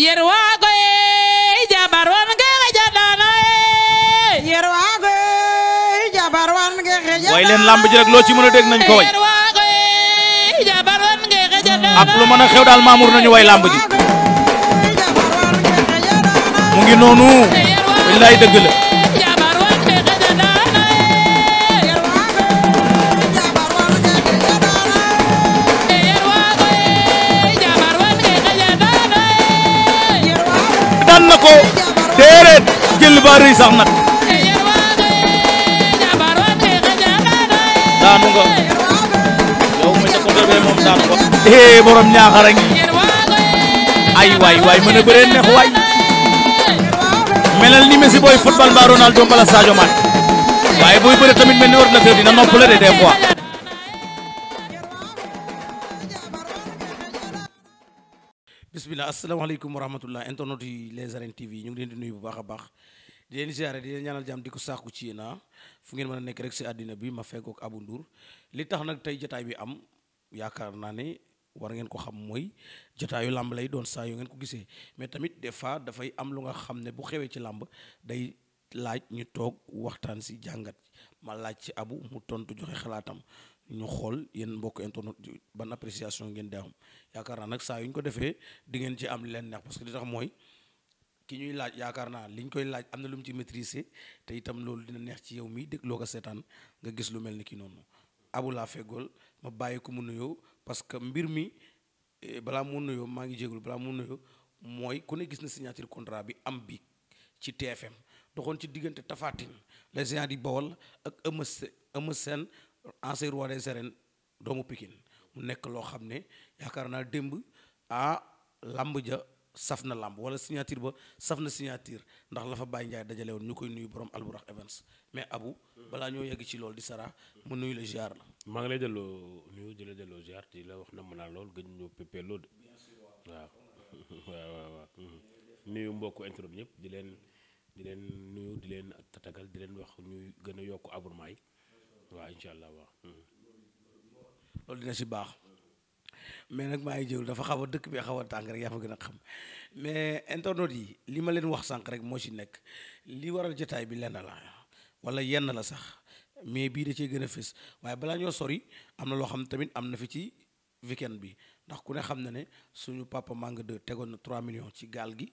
yerwago e jabar wonge xejaɗano e yerwago e jabar wonge xejaɗano way leen lamb ji rek loo ci mën a dégg nañ ko way yerwago e jabar ak lu mën a xew daal maamur nañu way lamb ji mu ngi noonu wallaay dëgg déedéet jël ba rëy sax nag daanu nga yow ma ca côté bee moom daanu ko eh borom ñaaxara ay waay waay mën a bëree neex waay melal ni Messi booy football mbaa Ronaldo mbala Sadio Mané waaye booy bëre tamit mel ni ordinateur dina noppale de des fois bisimilah asalaamaaleykum wa rahmatullah internet yi Les Arènes TV ñu ngi leen di nuyu bu baax a baax di leen ziare di leen ñaanal jàmm di ko saaku ci yéen ah. fu ngeen mën a nekk rek si àddina bi ma fekkook Abou Ndour li tax nag tey jotaay bi am yaakaar naa ne war ngeen ko xam mooy jataayu làmb lay doon saa yoo ngeen ko gisee mais tamit des fois dafay am lu nga xam ne bu xewee ci làmb day laaj ñu toog waxtaan si jàngat ma laaj ci abu mu tontu joxe xalaatam ñu xool yenn mbokk internet ban appréciation ngeen di am yaakaar naa nag saa yu ñu ko defee di ngeen ci am leen neex parce que li tax mooy ki ñuy laaj yaakaar naa li ñu koy laaj am na lu mu ci maîtriser te itam loolu dina neex ci yow mi dégloo ko seetaan nga gis lu mel ni ki noonu abu laa feggool ma bàyyi ko mu nuyoo parce que mbir mi eh, balaa mu nuyoo maa ngi jégul balaa mu nuyoo mooy ku ne gis na signature contrat bi am bi ci TFM doxoon ci diggante Tapha Tine les géants di Bawol ak Eumeu Sène ancien roi des arènes doomu Pikine mu nekk loo xam ne yaakaar naa démb ah lamb ja saf na làmb wala signature ba saf na signature ndax la fa Baye Ndiaye dajale woon ñu koy nuyu borom Alburax Events mais Abu balaa ñoo yegg ci loolu di Sara mu nuyu la ziar la. maa ngi lay delloo nuyu di la delloo ziar di la wax na mën naa lool gën ñoo pépé lool waaw waaw waaw waaw mhm. nuyu mbokku internet ñëpp di leen di leen nuyu di leen tatagal di leen wax ñuy gën a yokk abonnement yi waaw incha allah waaw. Hmm. dina si baax mais nag maa ngi jël dafa xaw a dëkk bi xaw a tàng rek yaa ma gën a xam mais internet yi li ma leen wax sànq rek moo ci nekk li waral jotaay bi lenn la wala yenn la sax mais bii da cee gën a fës waaye balaa ñoo sori am na loo xam tamit am na fi ci weekend bi ndax ku ne xam na ne suñu papa Manga 2 tegoon na 3 millions ci gaal gi.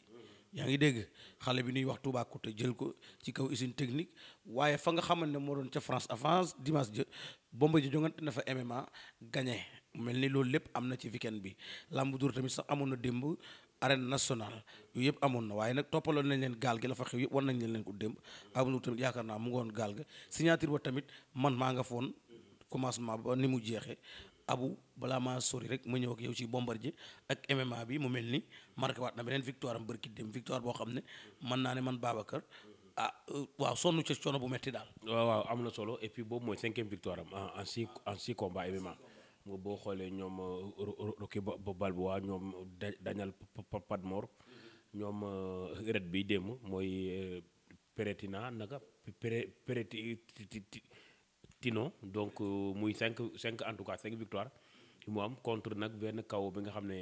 yaa ngi dégg xale bi ñuy wax Toubacouta jël ko ci kaw usine technique waaye fa nga xamal ne moo doon ca France avant dimanche jë Bombardier ji jongante na fa MMA gagné mel ni loolu lépp am na ci weekend bi lambu dur tamit sax amoon na démb arène national yooyu yëpp amoon na waaye nag toppaloon nañ leen gaal gi la fa xew yëpp war nañ leen ko démb amuñu tamit yaakaar naa mu ngoon gaal ga signature ba tamit man maa nga foon commencement ba ni mu jeexee abu balaa maa sori rek ma ñëw ak yow ci ji ak MMA bi mu mel ni marqué waat na beneen victoire am bërki dem victoire boo xam ne mën naa ne man Babacar ah euh, waaw sonn ci coono bu metti daal. waaw am na solo et boobu mooy cinquième victoire am en en six en six combats MMA boo xoolee ñoom euh, Rocky Balboa ñoom Daniel Padmore ñoom euh, ret bi démb mooy Peretina naka Pere Pereti. Tino donc euh, muy 5 5 en tout cas 5 victoire yu mu am contre nag benn kaw bi nga xam ne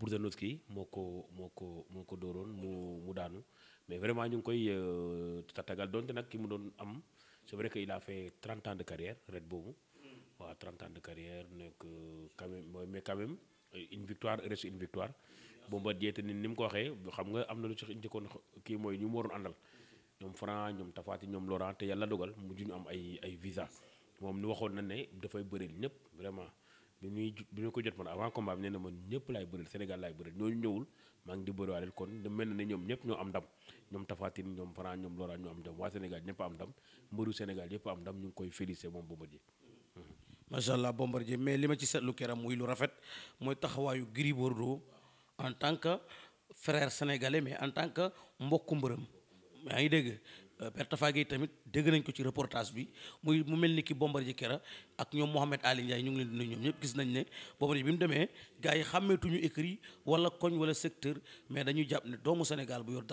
Burzanowski moo ko moo ko moo ko dooroon mu mu daanu mais vraiment ñu ngi koy euh, tatagal donte nag ki mu doon am c'est vrai que de carrière red boobu mm. waaw 30 de carrière nekk quand même mais quand même une victoire reste une victoire Bombardier te ni ni mu ko waxee xam nga am na lu ci njëkkoon kii mooy ñu mu waroon àndal ñoom Franc ñoom Tafaati ñoom Laurent te yàlla dogal mujj ñu am ay ay visa moom ni waxoon na ne dafay bëreel ñëpp vraiment bi muy bi ñu ko jot man avant combat bi nee na man ñëpp laay bëreel Sénégal laay bëreel ñooñu ñëwul maa ngi di bëriwaale kon da mel na ne ñoom ñëpp ñoo am ndam ñoom Tafaati ñoom Franc ñoom Laurent ñoo am ndam waa Sénégal ñëpp am ndam mbëru Sénégal yëpp am ndam ñu ngi koy félicité moom Bombardier mmh. macha allah Bombardier mais li ma ci seetlu keram muy lu rafet moo taxawaayu Gris Bordeaux en tant que frère sénégalais mais en tant que mbokku yaa ngi dégg Père euh, Tafa Gueye tamit dégg nañ ko ci reportage bi muy mu mel ni ki Bombardier Kera ak ñoom Mohamed Ali Ndiaye ñu ngi bi mu demee ne bu yor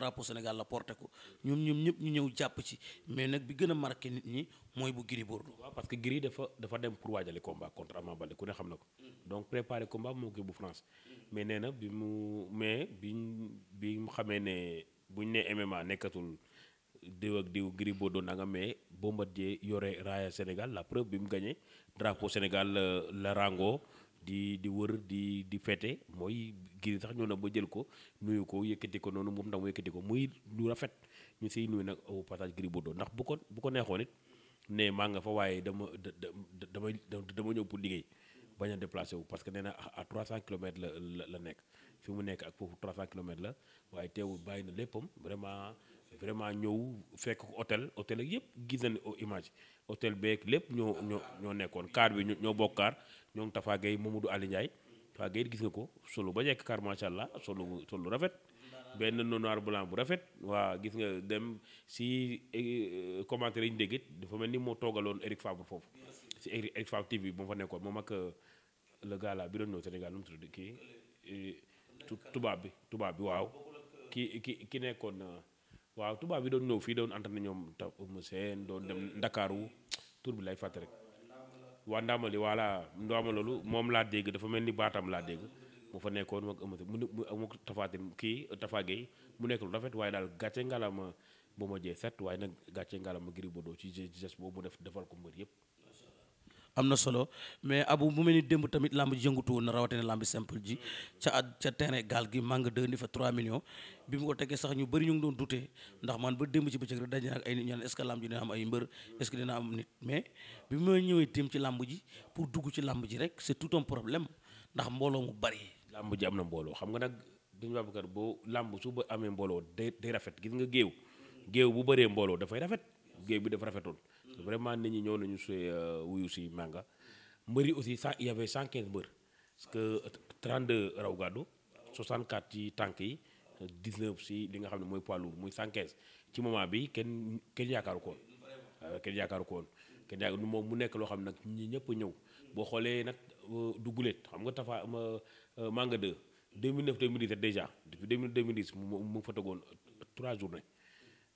ko a marqué nit ñi mooy bu Gris Bordeaux. waaw parce que Gris dafa dafa dem pour waajale combat contre Ama Baldé ku ne xam donc préparé combat moo ko bu France. Mm. mais nee bi mu mais bi mu xamee ne. buñ ne MMA nekkatul diw ak diw Gris Bordeaux na nga mais Bombardier yore raaya Sénégal la preuve bi mu gagné drapeau Sénégal la euh, la rango di di wër di di fete mooy Gris sax ñoo na ba jël ko nuyu ko yëkkati ko noonu moom ndax mu yëkkati ko muy lu rafet ñu siy nuyu nag au passage Gris Bordeaux ndax bu ko bu ko neexoon it ne maa nga fa waaye dama da dama dama ñëw pour liggéey bañ a déplacé wu parce que nee na à cent kilomètres la la la nekk. fi mu nekk ak foofu 300 kilomètres la waaye teewul bàyyi na léppam vraiment vraiment ñëw fekk ko hôtel hôtel ak yëpp gis nañ image hôtel beeg lépp ñoo ñoo ñoo nekkoon car bi ñoo bokk car ñoom Tafa Gueye Mamadou Ali Ndiaye Tafa Gueye gis nga ko solo ba jekk car macha allah solo solo rafet. benn noir blanc bu rafet waa gis nga dem si eh, commentaire yi ñu dafa mel ni moo toogaloon Eric Favre foofu si Eric Favre TV bi moo fa nekkoon moom ak euh, Sénégal nu tubaab bi tubaab bi waaw. ki ki ki nekkoon euh, waaw tubaab bi doon ñëw fii doon entraîné ñoom ta mu seen doon dem ndakaaru tur bi lay fàtte rek. waa Ndamali voilà Ndamali loolu moom laa dégg dafa mel ni baatam laa dégg moo fa nekkoon moom ëmmati mu mu tafaatin kii tafaagee mu nekk lu rafet waaye daal gàcce ngalaama euh, ba ma jee set waaye nag gàcce ngalaama Gris Bordeaux ci geste boobu mu def defal ko mbër yëpp. am na solo mais abu mu mel ni démb tamit lamb ji yëngutu woon na rawatina lamb simple ji ca at ca terrain gaal gi manque deux ni fa 3 millions bi mu ko tegee sax ñu bëri ñu ngi doon dute ndax man ba démb ci bëccëg rek daje ak ay nit ñu naan est ce ay mbër est ce que dina am nit mais bi ma ñëwee tim ci làmb ji pour dugg ci làmb ji rek c' est tout un problème ndax mbooloo mu bëri. làmb ji am na mbooloo xam nga nag duñu Babacar boo lamb su ba amee mbooloo de day rafet gis nga géew géew bu bëree mbooloo dafay rafet géew bi dafa rafetul vraiment nit ñi ñëw nañu see euh, wuyu si Manga mbëri aussi cent y avait cent quinze mbër parce que 32 raw gàddu 64 ci tànk yi 19 si li nga xam ne mooy poids lourd muy 115 ci moment bi kenn kenn yaakaaru ko woon euh, kenn yaakaaru ko woon kenn yaakaar moom mu nekk loo xam ne nag ñi ñëpp ñëw boo xoolee nag euh, du guléet xam nga tafa Manga 2 2009 2010 déjà depuis 2010 mu mu fa tegoon 3 journées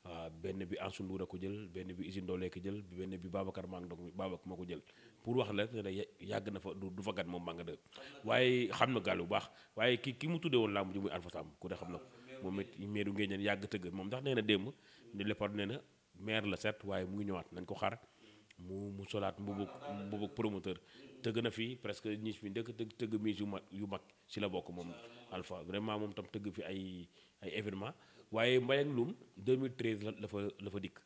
waaw ah, benn bi Ansu Ndour a ko jël benn bi Isine Doole ko jël benn bi Babacar maa ngi doog Babacar ma ko jël pour wax la ne yàgg na fa du fa gat moom maa nga dëgg waaye xam na gaal bu baax waaye ki ki mu tuddee woon làmb ji muy Alpha Sam ku ne xam na ko moom it meeru ngeen ñeen yàgg tëgg moom ndax nee na démb ne Léopard nee na maire la certes waaye mu ngi ñëwaat nañ ko xaar mu mu solaat mbubu mbubu promoteur tëgg na fi presque ñi fi ndëkk tëgg tëgg mise yu mag yu mag si la bokk moom Alpha vraiment moom tam tëgg fi ay ay événement waaye Mbayang Loum 2013 la la fa la fa dikk.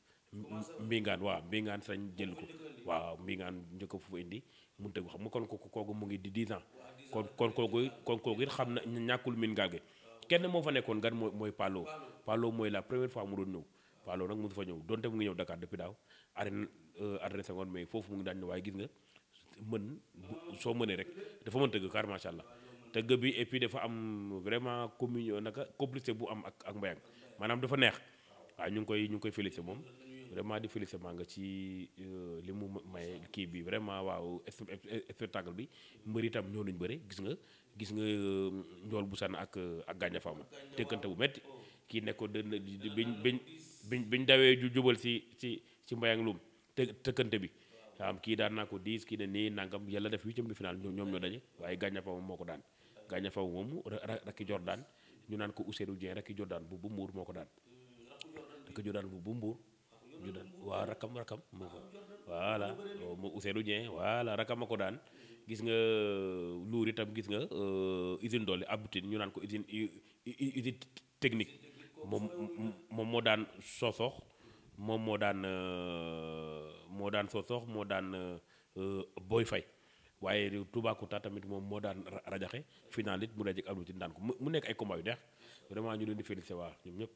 mbingaan waa mbingaan sañ jël ko waaw mbingaan njëkk a foofu indi mënut a xam nga kon kooku mu ngi di 10 ans kon kon kooku kon kooku it xam na ñàkkul mbingaan gi kenn moo fa nekkoon gan mooy mooy Palo Palo mooy la première fois mu doon ñëw Palo nag mu fa ñëw donte mu ngi ñëw Dakar depuis daaw arène euh, adressé ngoon mais foofu mu ngi daan ñëw waaye gis nga mën soo mënee rek dafa mën tëgg car macha allah tëgg bi et puis dafa am vraiment communion naka complicité bu am ak ak Mbayang maanaam dafa neex waaw ñu ngi koy ñu ngi koy félicité moom vraiment di félicité maa ci euh, li mu may kii bi vraiment waaw spectacle bi mbëri itam ñoo nañu bëre gis nga gis nga euh, njool euh, bu sànn ak ak gànja faama bu métti kii nekkoon dënn biñ biñ biñ biñ dawee ju jubal si si si Mbayang Loum të tëkkante bi am kii daan naa ko 10 kii ne nii nangam yàlla def huitième de finale ñoom ñoo daje waaye gànja faama moo ko daan gaañafa moom rakki Jordan ñu naan ko Ousseynou Dieng rakki Jordan bu bu moo ko daan rakki Jordan bu bu Mbour Jordan waaw rakkam rakkam moo ko voilà moo Ousseynou Dieng voilà rakkam a ko daan gis nga euh, luur itam gis nga euh, usine doole abutin ñu naan ko usine usine technique moom moom moo daan sosox moom moo daan moo euh, moo daan Boy Faye waaye Toubacouta tamit moom moo daan rajaxe final it mu dajeeg Abdou Tine daan ko mu nekk ay combat yu neex vraiment ñu leen di félicité waa ñoom ñëpp.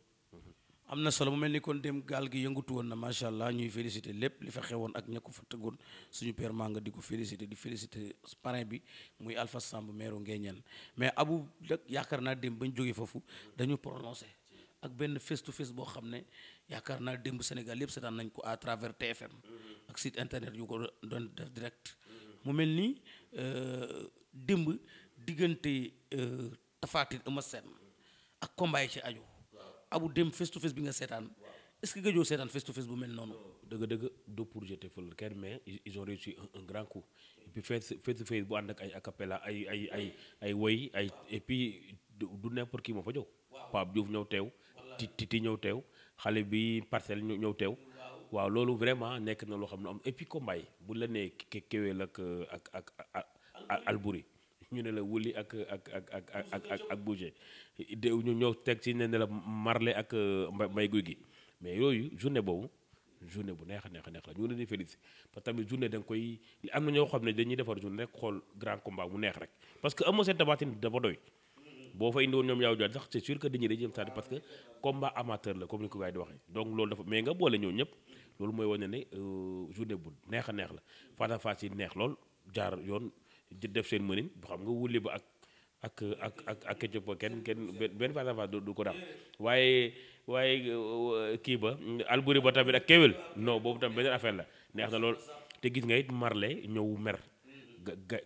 am na solo mu mel ni kon dém gaal gi yëngatu woon na macha allah ñuy félicité lépp li fa xewoon ak ña ko fa tëggoon suñu père Manga di ko félicité di félicité parrain bi muy Alpha Samb meeru Ngéñeen mais abu nag yaakaar naa dem bañ jógee foofu dañu prononcé ak benn face to face boo xam ne yaakaar naa démb Sénégal yëpp seetaan nañ ko à travers TFM ak site internet yu ko doon direct mu mel ni euh, démb diggante euh, Tapha Tine Eumeu Sène ak combat yi ci aju abu dem face to face bi nga seetaan est-ce que gëjoo seetaan face to face bu mel noonu. dëgg dëgg du pour jeter fële kenn mais ils ont réussi un grand coup et puis face to face bu ànd ak ay acapella ay ay ay ay woy ay et puis du n'importe qui moo fa jóg. Pape Diouf ñëw teew. Titi ñëw teew. xale bi parcelle ñëw teew. waaw loolu vraiment nekk na loo xam ne am et puis combat yi bu la nee Kewel euh, ak ak ak Albouri ñu ne la Wuli ak ak ak ak ak ak ak Bouger ñu ñëw teg ci ne ne la Marley ak Mbay Guy gi mais yooyu journée boobu journée bu neex a neex a neex la ñu ngi leen di félicité tamit journée da nga koy am na ñoo xam ne dañuy defar journée rek xool grand combat mu neex rek parce que amoo seen tabatin dafa doy. boo fa indi woon ñoom yaaw jaan sax c'est sûr que dañuy dañuy dem stade parce que combat amateur la comme ni ko gars yi di waxee donc loolu dafa mais nga boole ñëw ñëpp loolu mooy wane ne euh, journée bu neex a neex la face à face lool jaar yoon def seen mënin bu xam nga wulli ba ak ak ak ak ak Ketchup ba kenn kenn benn face à face du ko dàq waaye waaye euh, kii ba Albouri ba tamit ak Kewel non boobu tam beneen affaire la neex na lool te gis nga it Marley ñëw mer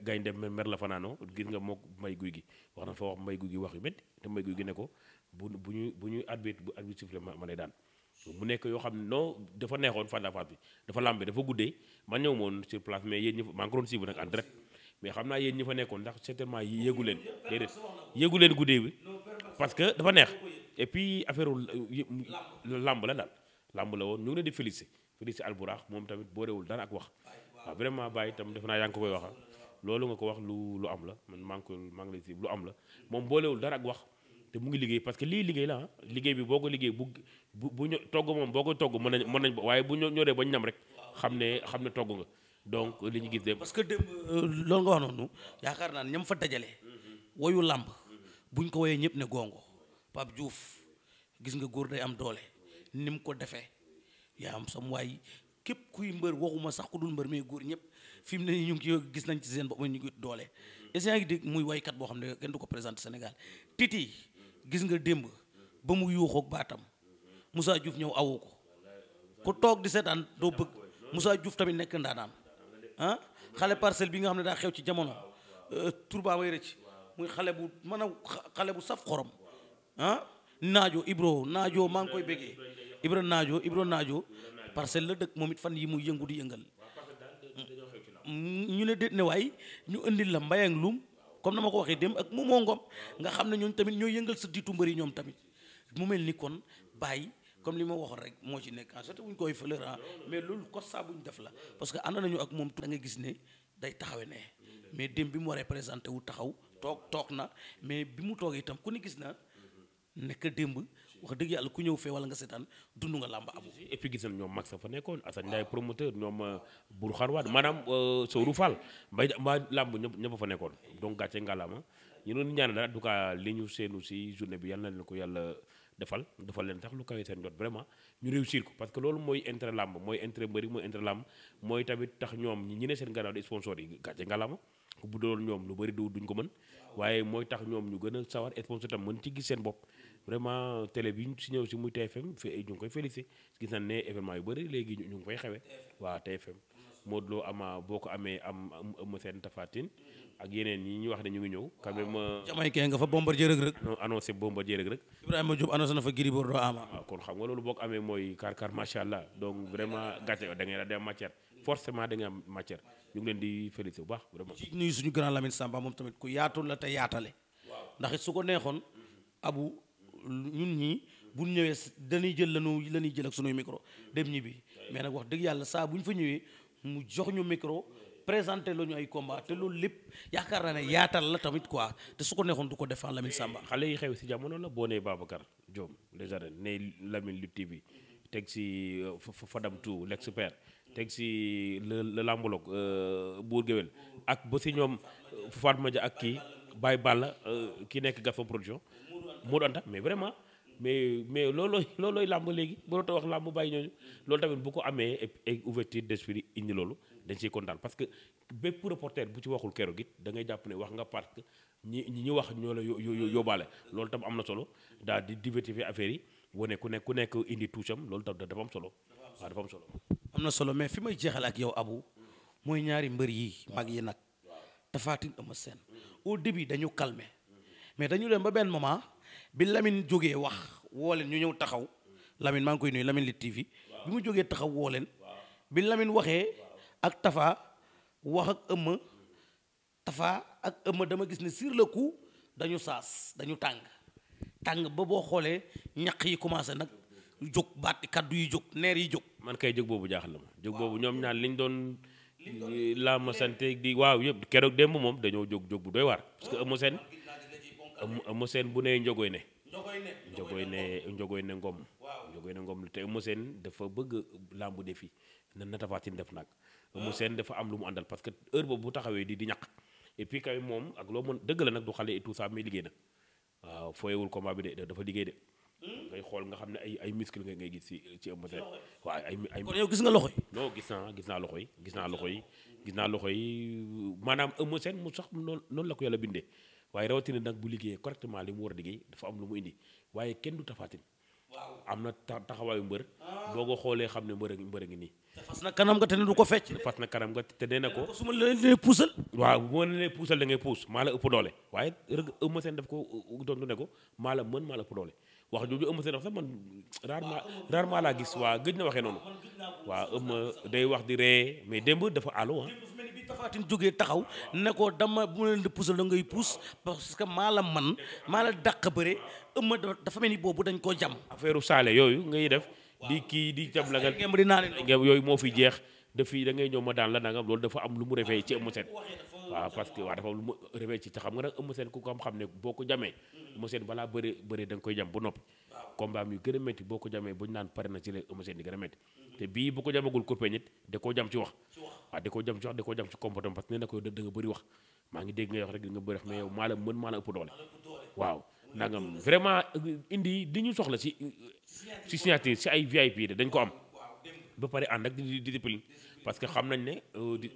gaynde mer la fanaanoo gis nga mook mbay guy gi wax na fa wax mbay guy gi wax yu métti te mbay guy gi ne ko bu bu ñu bu ñuy arbitre bu arbitre sifflé ma lay daan nekk yoo xam ne non dafa neexoon face à face bi dafa làmbe dafa guddee man ñëw moon sur place mais yéen ñi maa ngi ko nag en mais xam naa yéen ñi fa nekkoon ndax certainement yéegu leen déedéet yéegu leen guddee bi parce que dafa neex et puis affaire làmb la daal làmb la woon ñu ngi leen di félicité félicité alburax moom tamit boo rewul dara ak wax waaw vraiment bàyyi itam def naa yaa ko koy wax loolu nga ko wax lu lu am la man maa ngi ko maa lu am la moom boolewul dara ak wax te mu ngi liggéey parce que lii liggéey la ah. liggéey bi boo ko liggéey bu bu bu ñu togg moom boo ko togg mën nañ mën nañ waaye bu ñoree ba ñu ñam rek xam ne xam ne togg nga donc li ñu gis dem parce que démb euh, loolu nga wax noonu yaakaar naa ne ñam fa dajale. woyu làmb ñu ko woyee ñëpp ne gongo Pape Diouf gis nga góor day am doole ni mu ko defee yaa am sam waay képp kuy mbër waxuma sax ku dul mbër mais góor ñëpp fi mu ne ñu ngi ci gis nañ ci seen bopp ñu ngi doole. est muy waykat boo xam ne kenn du ko présenté Sénégal titi gis nga démb ba mu yuuxoog baatam Moussa juuf ñëw awu ko ku toog di seetaan doo bëgg Moussa Diouf tamit nekk ndaanaam ah xale parcelle bi nga xam ne daa xew ci jamono euh, turba way rëcc muy xale bu mën a xale bu saf xorom ah naajo Ibro naajo maa ngi koy bëggee Ibro naajo Ibro naajo parce que la dëkk moom it fan yi mu yëngu di yëngal mm, ñu ne de ne waay ñu indil la mbayang lum comme na ma ko waxee dem ak moomoo ngom nga xam ne ñooñu tamit ñoo yëngal sa diitu mbëri ñoom tamit mu mel ni kon bàyyi comme li ma waxoon rek moo ci nekk en wuñ koy fëlëra mais loolu constat bu def la parce que ànd nañu ak moom da nga gis ne day taxawe ne mm. mais dem bi mu waree présenté wu taxaw toog toog na mais bi mu toogee itam ku ne gis na nekk démb wax dëgg yàlla ku ñëw fee wala nga seetaan dund nga làmb abu et puis gisal ñoom mag sa fa nekkoon Assane Ndiaye promoteur ñoom euh, Bour Xarwaat maanaam euh, Sourou Fall mbay mbaa làmb ñëpp ñëpp fa nekkoon donc gàcce ngalaama ñu doon ñaan daal en tout seenu si journée bi yàlla na leen ko yàlla defal defal leen tax lu kawee seen ñu réussir ko parce que loolu mooy intérêt làmb mooy intérêt mbëri mooy intérêt làmb mooy tamit tax ñoom ne seen gannaaw di sponsor yi gàcce ngalaama bu doon ñoom lu bëri du duñ ko mën waaye mooy tax ñoom ñu gën a sawar sponsor tam mën ci gis seen bopp vraiment télé bi ñu si ñëw si muy TFM fi ñu ngi koy félicité yeneen yi ñu wax ne ñu ngi ñëw quand même jamaïcain euh, nga fa Bombardier Reug Reug annoncé Bombardier Reug Reug Ibrahima Diop na loolu boo ko amee mooy kar kar macha allah donc vraiment gàcce da ngay da am ñu leen di félicité bu baax vraiment ci nuyu suñu grand Lamine Samba moom tamit ku yaatul la te yaatale ndax su ko neexoon abu ñun ñii bu ñëwee dañuy jël lanu la ñuy jël ak sunuy micro dem ñibbi mais nag wax dëgg yàlla saa bu ñu fa ñëwee mu jox ñu micro présenté la ay combat te loolu lépp yaakaar naa ne yaatal la tamit quoi te su ko neexoon du ko defaan Lamine Samba. xale yi xew si jamono la boo nee Babacar Diop a arènes ne Lamine Lutte bi teg si euh, Fadam Tou l'expert teg si le lambologue euh, Bour Guewel ak ba si ñoom Fatma Dia ak kii Baye Balla euh, ki nekk Gafa production Modou Anta mais vraiment mais mais loolooy loolooy làmb léegi mënoo ta wax làmb bàyyi ñooñu loolu tamit bu ko amee ay ouverture d'esprit indi loolu dañ ciy kontaan parce que bépp reporter bu ci waxul keroog it da ngay jàpp ne wax nga parce que ñi ñi ñu wax ñoo la yóbbaale loolu tam am na solo daal di diversifier affaire yi wane ku nekk ku nekk indi toucham loolu tam dafa am solo waaw dafa am solo am na solo mais fi may jeexal ak yow abu mooy ñaari mbër yi mag yi nag Tapha Tine Eumeu a au début dañu calmer mais dañu dem bi Lamine jógee wax woo leen ñu ñëw taxaw lamin maa ngi koy nuy Lamine Lutte TV bi mu jógee taxaw woo leen bi Lamine waxee ak Tafa wax ak Eumeu Tafa ak Eumeu dama gis ne sur le dañu saas dañu tàng tàng ba boo xoolee ñaq yi commencé nag jóg baat kaddu yi jóg neer yi jóg. man kay jóg boobu jaaxal na ma. jóg boobu ñoom ñaar liñ doon. laa ma sante di waaw yëpp keroog démb moom dañoo jóg jóg bu doy waar parce que Eumeu Sène Eumeu Sène bu nee Njogoy ne. Njogoy ne Njogoy ne Ngom. Njogoy ne Ngom te Eumeu Sène dafa bëgg làmbu defi na na Tapha Tine def nag. Eumeu ah. Sène dafa am lu mu àndal parce que heure boobu bu taxawee di di ñàkk. et puis kay moom ak loo mën dëgg la nag du xale et tout ça mais liggéey na waaw fooyewul combat bi de dafa liggéey de. Hmm? ngay xool nga xam ne ay ay muscle nga ngay gis ci ci Eumeu waaw ay ay kon yow gis nga loxo yi gis naa gis naa loxo yi gis naa loxo yi gis naa loxo yi maanaam Eumeu Sène mu sax noonu noonu la bindee waaye rawatina nag bu liggéeyee correctement li mu war a liggéey dafa am lu mu indi waaye kenn du Tapha Tine am na taxawaayu mbër ah. boo ko xoolee xam ne mbër a mbër ngi nii fas na kanam nga te ne du ko fecc fas na kanam nga te nee na ko su ma la nee puusal waaw bu ma nee puusal da ngay puus maa la ëpp doole waaye rëg Eumeu Sène daf ko doontu uh, uh, ne ko maa la mën maa la ëpp doole wax jooju Eumeu Sène wax sax man rarement rarement laa gis waa gëj na waxee noonu waa Eumeu day wax di ree mais démb dafa àllu ah bi tafaatin jógee taxaw ne ko dama bu leen la ngay puus que maa man maa la dàq bëre ëmma dafa mel ni boobu dañ koo jam affaire saale yooyu ngay def di kii di jam la nga yooyu moo fi jeex dafi da ngay ñëw ma daan la nangam loolu dafa am lu mu refee ci Eumeu Sène waaw parce que waaw dafa am lu mu refee ci te xam nga nag Eumeu Sène ku ko xam-xam ne boo ko jamee mm. Eumeu Sène balaa bëre bëre da koy jam ba noppi combat am yu gën a métti boo ko jamee ba ñu naan pare na ci la Eumeu Sène di gën a métti te bii bu ko jamagul kurpeñ nit da koo jam ci wax waaw da koo jam ci wax da koo jam ci comportement parce que nee na ko bëri wax maa ngi dégg ngay wax rek da nga bëri wax la mën si euh, si euh, signature si ay VIP de dañ ko am ba pare ànd ak di discipline parce que xam nañ ne euh, di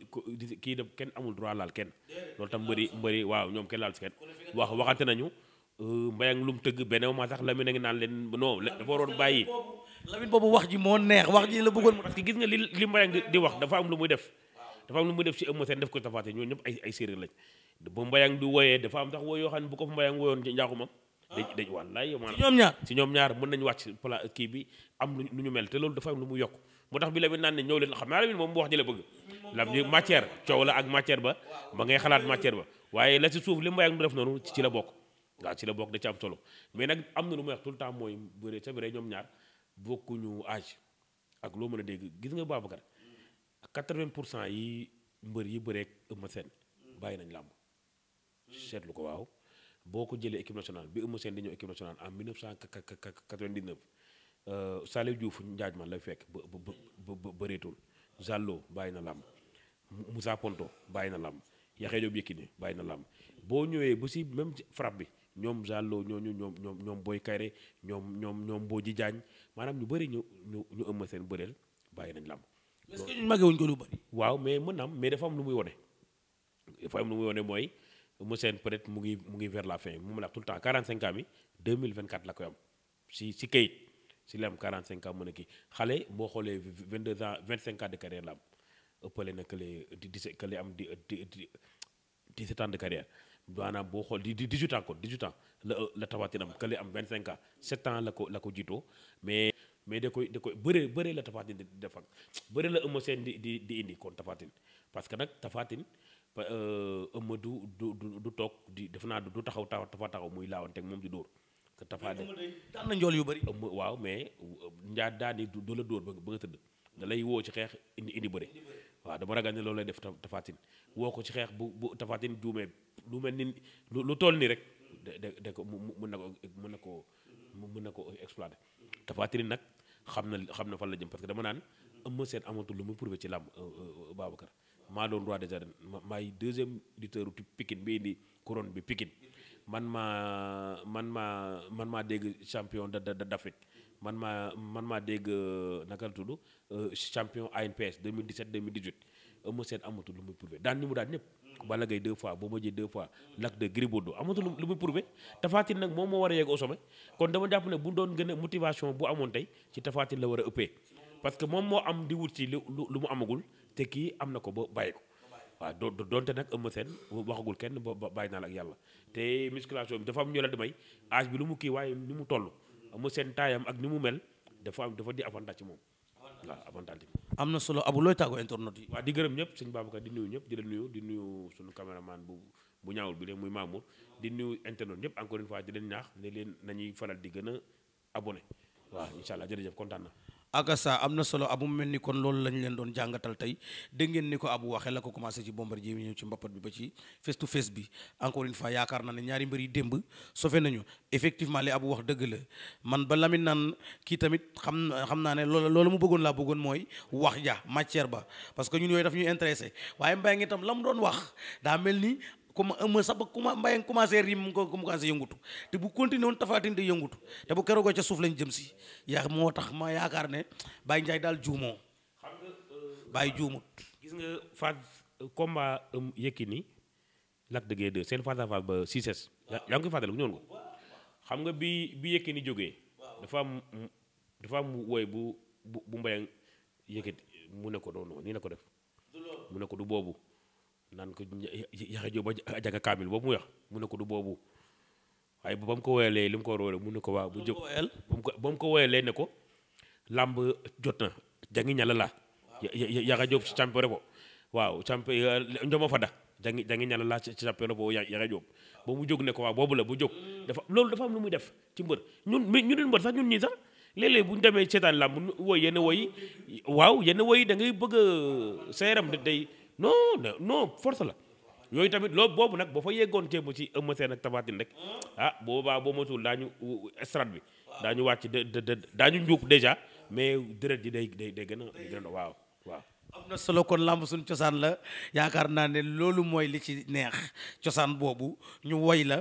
kii def kenn amul droit laal kenn loolu tam mbëri mbëri waaw ñoom kenn laal si kenn wax waxante nañu mbéy ak lu mu tëgg beneen maa sax la a ne naan leen non dafa waroon bàyyi Lamine boobu wax ji moo neex la bëggoon mu parce que gis nga li li Mbayang di wax dafa am lu muy def dafa ko Tapha Tine ñëpp ay ay séeréer lañ bu Mbayang di wooyee dafa am tax wooy yoo xam ne ah. ñoom ñaar mën nañ wàcc pla kii bi am lu ñu mel te loolu dafa am lu yokk moo tax bi Lamine naan ne ñëw leen xam naa Lamine moom mu wax ji la bëgg coow la ak matière ba ba ngay xalaat matière ba waaye la ci suuf li Mbayang du def noonu ci la bokk waaw ci la bokk da ci am solo mais nag am na lu mu wax tout le temps mooy bëree sa ñoom ñaar bokkuñu âge ak loo mën a dégg gis nga Babacar quatre-vingt pour cent yi mbër yi bëreek Eumeu Sène bàyyi nañ làmb seetlu ko waaw boo ko jëlee équipe nationale bi Eumeu Sène di ñëw équipe nationale en 1999 euh, Saliou Diouf njaaj man la fekk ba ba bëreetul Zallo bàyyi na làmb Moussa Ponto bàyyi na làmb Yaxya Diop Yékini bàyyi na làmb boo ñëwee ba si même frappe bi ñoom Jallo ñooñu ñoom ñoom ñoom Boy Kayre ñoom ñoom ñoom Mbodji Diagne maanaam ñu bëri ñu ñu ñu ëmb seen bëreel bàyyi nañ làmb. est-ce que ñu waaw mais mën am mais dafa am lu muy wone dafa am lu muy wone mooy mu seen peut-être mu ngi mu ngi ver la fin mu moom la tout le temps 45 ans mi 2024 la koy am si si kayit si la am 45 ans mën a ki xale boo xoolee 22 ans 25 ans de carrière la am ëppale na que les 17 que les am di di 17 ans de carrière. maanaam boo xool di di 18 ans ko 18 ans la la Taphatine am kële am 25 ans 7 ans la ko la ko jiitoo mais mais da koy da koy bëree bëree la Taphatine di def ak bëree la Eumeu di di di parce que nag Taphatine euh, Eumeu du du du du toog di def naa du taxaw taxaw taxaw muy laawanteeg moom di dóor. que Taphatine na njool yu bëri. waaw mais njaa daani du la dóor ba nga tëdd da lay woo ci xeex indi indi bëri. waaw dama ragal ne loolu lay def Tapha Tine woo ko ci xeex bu bu Tapha Tine juumee lu mel ni lu toll nii rek de de ko mën na ko mën na ko mën na ko exploité Tapha Tine nag xam na xam na fan la jëm parce que dama naan Eumeu Sène amatul lu mu prouvé ci làmb euh, euh, Babacar maa doon roi des arènes maay deuxième auditeur u Pikine bi indi couronne bi Pikine man maa man maa man maa dégg champion d'Afrique man maa man maa dégg euh, naka la tudd euh, champion ANPS 2017 2018 Eumeu Sène amatul lu muy prouvé daan ñu mu daan ñëpp. Balla Gaye deux fois Bomba Dieng deux fois Lac de Gris Bordeaux amatul lu muy prouvé Tapha Tine nag moom moo war a yegg au sommet kon dama jàpp ne bu gën a motivation bu amoon tey ci Tapha war a ëppee parce que moom moo am di ci lu lu mu amagul te kii am na ko ba bàyyi ko. waaw do donte nag Eumeu Sène waxagul kenn ba bàyyi naa la yàlla te musculation bi dafa am ñu la di may âge bi lu mu kii waaye ni mu toll mu seen taayam ak ni mu mel dafa am dafa di avantage ci moom waaw avantage am na solo abu looy tàggoo internet yi waaw di gërëm ñëpp sëñ Babacar di nuyu ñëpp di la nuyu di nuyu suñu caméraman bu bu ñaawul bi léegi muy Mamour di nuyu internet ñëpp encore une fois di leen ñaax ne leen nañuy faral di gën a abone waaw incha allah jërëjëf kontaan na agasa am na solo abu mel ni kon loolu lañ leen doon jàngatal tey dégg ngeen ni ko abu waxee la ko commencé ci Bombardier bi ñëw ci mbapat bi ba ci face to face bi encore une fois yaakaar naa ne ñaari mbër yi démb sofe nañu effectivement li abu wax dëgg la man ba Lamine naan kii tamit xam xam naa ne lool loolu mu bëggoon laa bëggoon mooy wax ja matière ba parce que ñun yooyu daf ñuy intéressé waaye mbay ngi tam la mu doon wax daa mel ni comme sa ba kuma mbayang commencé rim mu commencé yëngutu te bu continué woon tafaatin de yëngutu te bu a ca suuf lañ jëm si yaa moo tax ma yaakaar ne Baye Ndiaye daal juumoo xam euh, juumut gis nga phase euh, combat euh, Yékini Lac de Guiers seen face à face ba 6 yaa ko xam nga bi bi ni jógee dafa am dafa am woy bu bu mbayang yëkkati mu ne ko noonu nii la ko def mu ne du boobu naan ko yaxe jo ba jaga kaamil boobu mu yax mu ne ko du boobu waaye ba mu ko woyalee li mu ko war a ne ko waaw bu jóg ba mu ko woyalee ne ko làmb jot na jangi ñala la yaxe joob ci champion bo waaw champion njoma fada jangi jangi ñala la ci champion bo yaxe joob ba mu jóg ne ko boobu la bu jog mm. dafa loolu dafa am lu muy def ci mbër ñun ñu dul mbër sax ñun ñii sax léeg bu ñu demee seetaan làmb wooy yenn wooy waaw yenn wooy dangay ngay bëgg a sa yaram day non non force la yooyu tamit loolu boobu nag ba fa yeggoon ceeb ci Eumeu Sène ak Tapha rek ah boobaa boo matul daañu estrade bi daañu wàcc de daañu njuug déjà mais dërët ji day day day gën a gën waaw waaw. am na solo kon làmb suñu cosaan la yaakaar naa ne loolu mooy li ci neex cosaan boobu ñu woy la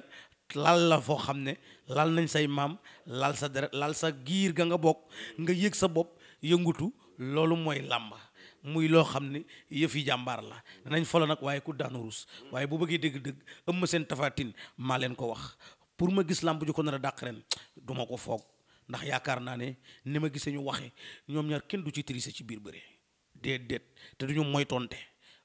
lal la foo xam ne lal nañ say maam lal sa deret lal sa giir ga nga bokk nga yëg sa bopp yëngutu loolu mooy làmba muy loo xam ne yëf yi jàmbaar la danañ folo nag waaye ku daanu ruus waaye bu bëggee dëgg-dëgg ëmm seen tafaatin maa leen ko wax pour ma gis làmb ju ko nar a dàq ren du ma ko foog ndax yaakaar naa ne ni ma gisee ñu waxe ñoom ñaar kenn du ci triser ci biir bëre déet déet te du ñu moytonte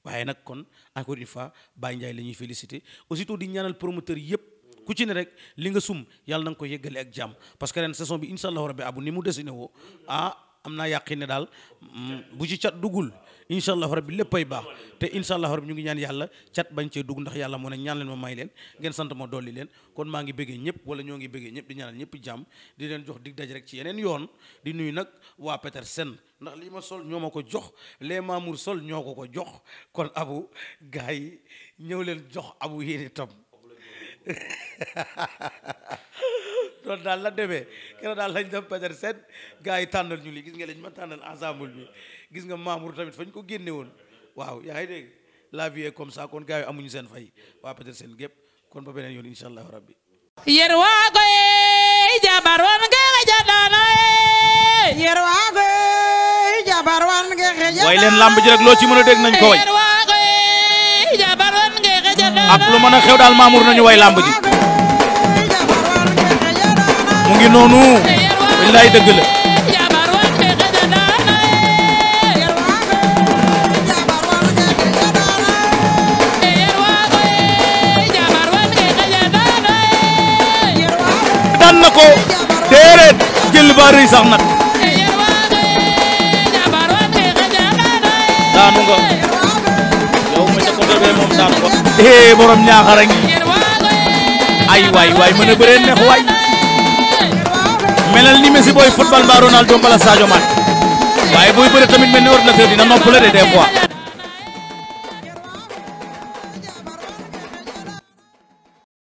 waaye nag kon encore une fa Baye Ndiaye la ñuy félicité aussitôt di ñaanal promoteur yépp ku ci ne rek li nga sum yàlla na nga ko yeggale ak jàmm parce que ren saison bi incha allahu rabbi ni mu desine woo ah am naa yàqin ne daal mm, bu ci cat duggul incha allahu rabbi léppay baax te incha allahu rabbi ñu ngi ñaan yàlla cat bañ cee dugg ndax yàlla moo ne ñaan leen ma may leen ngeen sant ma dolli leen kon maa ngi bëggee ñëpp wala ñoo ngi bëggee ñëpp di ñaanal ñëpp jàmm di leen jox dig daj rek ci yeneen yoon di nuyu nag waa sen ndax lii ma sol ñoo ma ko jox les Mamour sol ñoo ko ko jox kon abu gars yi ñëw leen jox abu yéen itam loolu daal la demee keroog daal lañ dem Pader Sène gars yi tànnal ñu li gis nga lañ ma tànnal ensemble bi gis nga Mamour tamit fañ ko génne woon waaw yaa ngi dégg la vie est comme ça kon gars yi amuñu seen fay waa Pader Sène gépp kon ba beneen yoon insha allahu rabbi yer waa goy jabar wan jabar wan nga xejataana way leen lamb ji a dégg ko way yer jabar wan nga xejataana ak lu mën a xew daal Mamour nañu way lamb mu ngi noonu billaay dëgg la daan na ko déedéet jël ba rëy sax nag daanu nga yow ma ca ko defee moom daanu ko eh borom ñaaxara ngi ay waay waay mën a bëree neex melal ni Messi booy football mbaa Ronaldo mbala Sadio Mané buy bëre tamit mel ni dina noppale de des fois.